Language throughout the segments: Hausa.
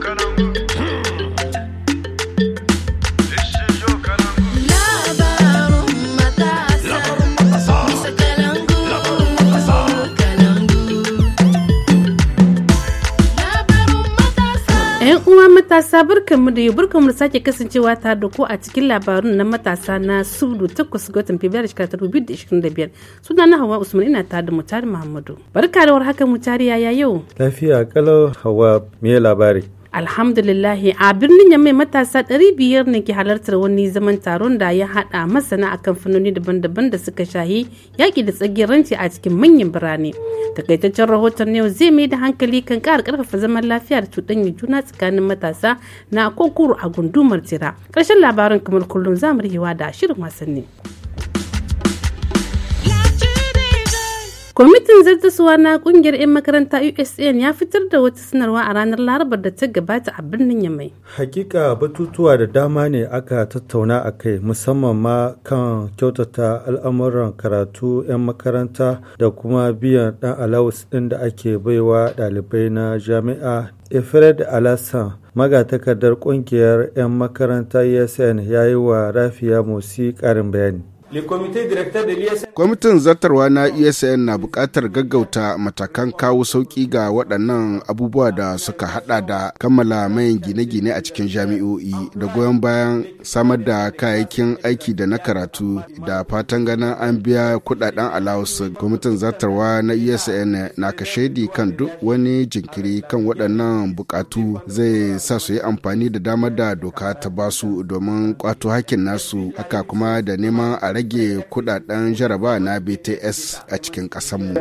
caramba, kuma matasa barkanmu da yau barkanmu da sake kasancewa ta da ku a cikin labarun na matasa na sudu takwas ga watan Fabrairu shekara ta dubu da ishirin da biyar. Suna na Hawa Usman ina tare da Mutari Muhammadu. Barka da warhaka Mutari yaya yau. Lafiya kalau Hawa miye labari? alhamdulillah a birnin yamai matasa 500 ne ke halartar wani zaman taron da ya hada masana a kamfanoni daban-daban da suka shahi yaki da tsagiranci a cikin manyan birane takaitaccen rahoton ne zai mai da hankali kan ƙara ƙarfafa zaman lafiya da cuɗanya juna tsakanin matasa na kokuru a gundumar tira ƙarshen labarin kamar kullum zamu rihewa da shirin wasanni. kwamitin zartaswa na kungiyar 'yan makaranta usn ya fitar da wata sanarwa a ranar larabar da ta gabata a birnin yamai hakika batutuwa da dama ne aka tattauna a kai musamman ma kan kyautata al'amuran karatu 'yan makaranta da kuma biyan dan alawus ɗin da ake baiwa ɗalibai na jami'a efred alassan magatakardar kungiyar 'yan makaranta usn ya yi wa rafiya musi ƙarin bayani Kwamitin zartarwa na ESN na bukatar gaggauta matakan kawo sauƙi ga waɗannan abubuwa da suka haɗa da kammala mayan gine-gine a cikin jami'o'i da goyon bayan samar da kayayyakin aiki da na karatu da fatan ganin an biya kuɗaɗen alawus. Kwamitin zartarwa na ESN na shaidi kan duk wani jinkiri kan waɗannan bukatu zai sa su yi amfani da dama da doka ta basu domin ƙwato hakkin nasu haka kuma da neman a rage kudaden jaraba na bts a cikin kasanmu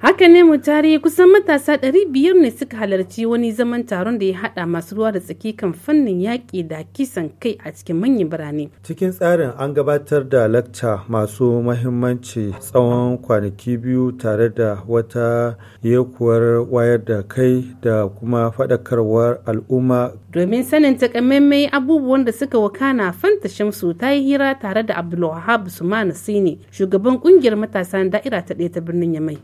Haka ne tare kusan matasa 500 ne suka halarci wani zaman taron da ya hada masu ruwa da tsaki kan fannin yaƙi da kisan kai a cikin manyan birane. Cikin tsarin an gabatar da lakca masu mahimmanci tsawon kwanaki biyu tare da wata yekuwar wayar da kai da kuma faɗakarwar al'umma. Domin sanin takamaimai abubuwan da suka wakana Fanta Shamsu ta yi hira tare da Abdulwahab Sumana Sini, shugaban kungiyar matasan da'ira ta ɗaya ta birnin Yamai.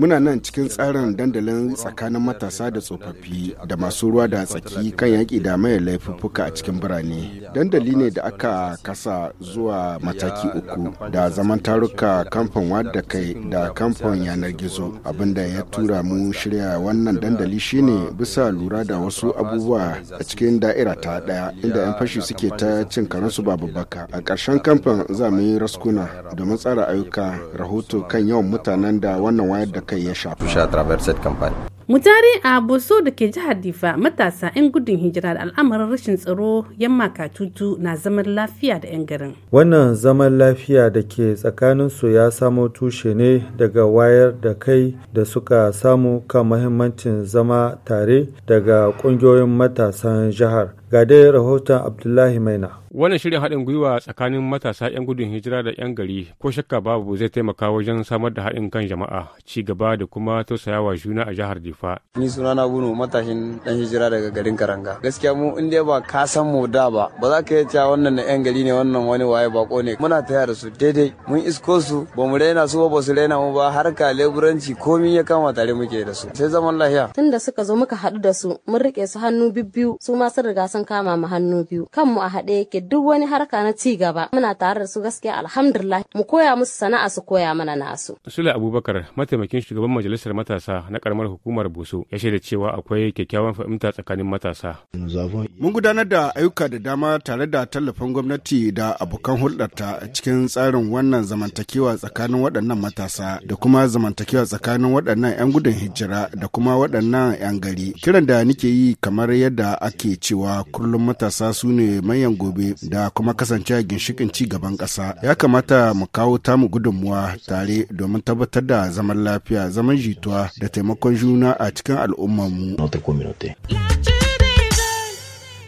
Muna nan cikin tsarin dandalin tsakanin matasa da tsofaffi da masu ruwa da tsaki kan yaƙi da mai laifuffuka a cikin birane. Dandali ne da aka kasa zuwa mataki uku da zaman taruka kamfan wadda kai da kamfan yanar gizo. Abinda ya tura mu shirya wannan dandali shine bisa lura da wasu abubuwa a cikin da'ira ta ɗaya inda 'yan fashi suke ta cin karansu babu baka. A ƙarshen kamfan za mu yi raskuna domin tsara ayyuka rahoto kan yawan mutanen da wannan wayar da kai ya Mutare a Boso da ke jihar Difa matasa 'yan gudun hijira da al'amarin rashin tsaro yamma tutu na zaman lafiya da 'yan garin. Wannan zaman lafiya da ke tsakanin su ya samo tushe ne daga wayar da kai da suka samu kan mahimmancin zama tare daga ƙungiyoyin matasan jihar. ga dai rahoton abdullahi maina wannan shirin haɗin gwiwa tsakanin matasa 'yan gudun hijira da 'yan gari ko shakka babu zai taimaka wajen samar da haɗin kan jama'a ci gaba da kuma tausayawa juna a jihar difa ni sunana na bunu matashin dan hijira daga garin karanga gaskiya mu in dai ba ka san mu da ba ba za ka iya wannan na 'yan gari ne wannan wani waye bako ne muna taya da su daidai mun isko su ba mu raina su ba ba su raina mu ba harka leburanci komi ya kama tare muke da su sai zaman lahiya tunda suka zo muka haɗu da su mun rike su hannu bibbiyu su ma sun riga sun kama mu hannu biyu kanmu a haɗe yake duk wani harka na ci gaba muna tare da su gaskiya alhamdulillah mu koya musu sana'a su koya mana nasu sule abubakar mataimakin shugaban majalisar matasa na karamar hukumar boso ya shaida cewa akwai kyakkyawan fahimta tsakanin matasa mun gudanar da ayyuka da dama tare da tallafin gwamnati da abokan hulɗarta cikin tsarin wannan zamantakewa tsakanin waɗannan matasa da kuma zamantakewa tsakanin waɗannan 'yan gudun hijira da kuma waɗannan 'yan gari kiran da nike yi kamar yadda ake cewa kullum matasa su ne manyan gobe da kuma kasance a ginshikin ci gaban ƙasa ya kamata mu kawo tamu gudunmuwa tare domin tabbatar da zaman lafiya zaman jituwa da taimakon juna a cikin mu.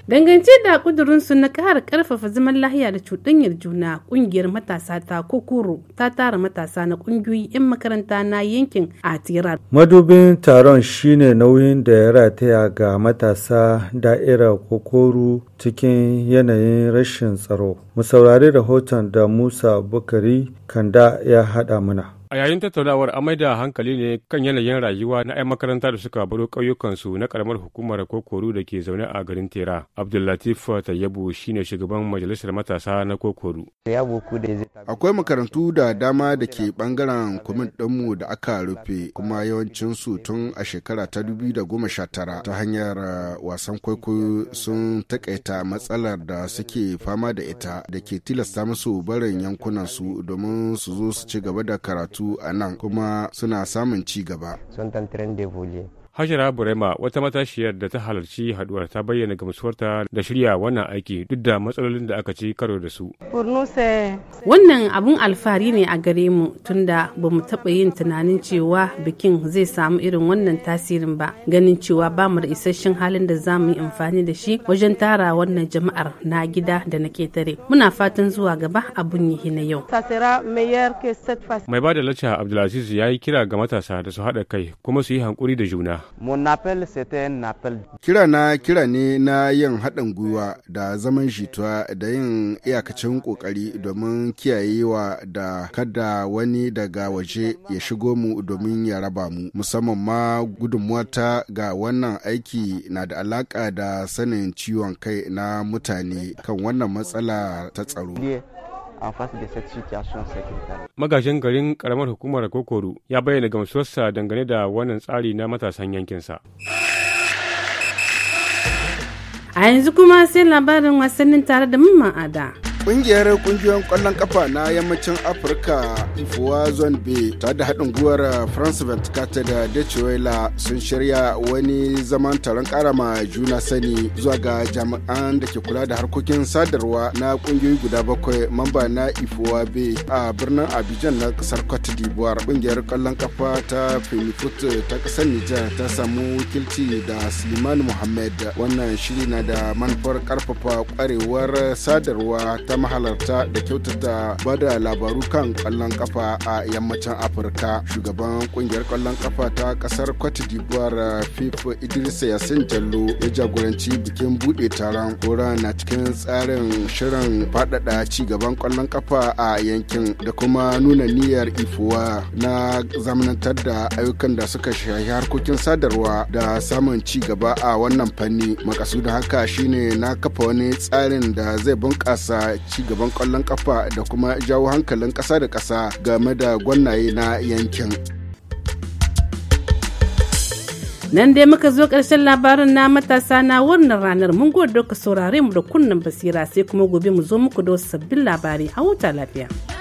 dangance da ƙudurinsu na kara ƙarfafa zaman lahiya da cuɗanyar juna ƙungiyar matasa ta kokoro ta tara matasa na ƙungiyoyi 'yan makaranta na yankin atira madubin taron shine nauyin da ya rataya ga matasa da'ira kokoro cikin yanayin rashin tsaro mu saurari rahoton da musa bukari kanda ya hada mana A yayin tattaunawar amai maida hankali ne kan yanayin rayuwa na 'yan makaranta da suka baro ƙauyukansu na ƙaramar hukumar Kokoru da ke zaune a garin Tera. Abdullatif Tayyabu shine shugaban majalisar matasa na Kokoru. Akwai makarantu da dama da ke bangaren kumin ɗinmu da aka rufe kuma yawancinsu tun a shekara ta da goma tara ta hanyar uh, wasan kwaikwayo sun takaita matsalar da suke fama da ita da ke tilasta musu barin yankunansu domin su zo su ci gaba da karatu su a nan kuma suna samun ci gaba sun tantren de bule Hashira Burema wata matashiyar da ta halarci haduwar ta bayyana gamsuwarta da shirya wannan aiki duk da matsalolin da aka ci karo da su. Wannan abun alfahari ne a gare mu tunda ba mu taɓa yin tunanin cewa bikin zai samu irin wannan tasirin ba ganin cewa ba mu da isasshen halin da za mu yi amfani da shi wajen tara wannan jama'ar na gida da na ketare. Muna fatan zuwa gaba abun yi na yau. Mai ba da lacca Abdulaziz ya yi kira ga matasa da su haɗa kai kuma su yi hankuri da juna. Mon appel c'était un appel. Kira na kira ne na yin haɗin gwiwa da zaman jituwa da yin iyakacin ƙoƙari domin kiyayewa da kada wani daga waje ya shigo mu domin ya raba mu. Musamman ma gudunmuwata ga wannan aiki na da alaƙa da sanin ciwon kai na mutane kan wannan matsala ta tsaro. en face de cette situation sécuritaire. Magajin garin karamar hukumar Kokoro ya bayyana gamsuwarsa dangane da wannan tsari na matasan yankinsa. A yanzu kuma sai labarin wasannin tare da mamman ada. Ƙungiyar ƙungiyoyin ƙwallon ƙafa na yammacin Afirka Ifuwa Zone B ta da haɗin gwiwar eh, France 24 da Dechuela sun shirya wani zaman taron ƙarama juna sani zuwa ga jami'an da ke kula da harkokin sadarwa na ƙungiyoyi guda bakwai mamba na Ifuwa B a birnin Abidjan na ƙasar Cote d'Ivoire. Ƙungiyar ƙwallon ƙafa ta Fenifut eh, ta ƙasar Nijar ta samu wakilci da Suleiman mohammed Wannan shiri na da manufar ƙarfafa ƙwarewar sadarwa ta mahalarta da kyautata bada labaru kan kwallon kafa a yammacin afirka shugaban kungiyar kwallon kafa ta kasar cote d'ivoire fifa idris yasin jallo ya jagoranci bikin bude taron kora na cikin tsarin shirin faɗaɗa cigaban kwallon kafa a yankin da kuma nuna niyyar ifuwa na zamanantar da ayyukan da suka shafi harkokin sadarwa da samun ci gaba a wannan fanni makasudin haka shine na kafa wani tsarin da zai bunƙasa ci gaban kwallon kafa da kuma jawo hankalin ƙasa da ƙasa game da gwannaye na yankin. Nan dai muka zo ƙarshen labarin na matasa na wannan ranar mun gode ka saurare mu da kunnen basira sai kuma gobe mu zo muku da wasu sabbin labarai a wuta lafiya.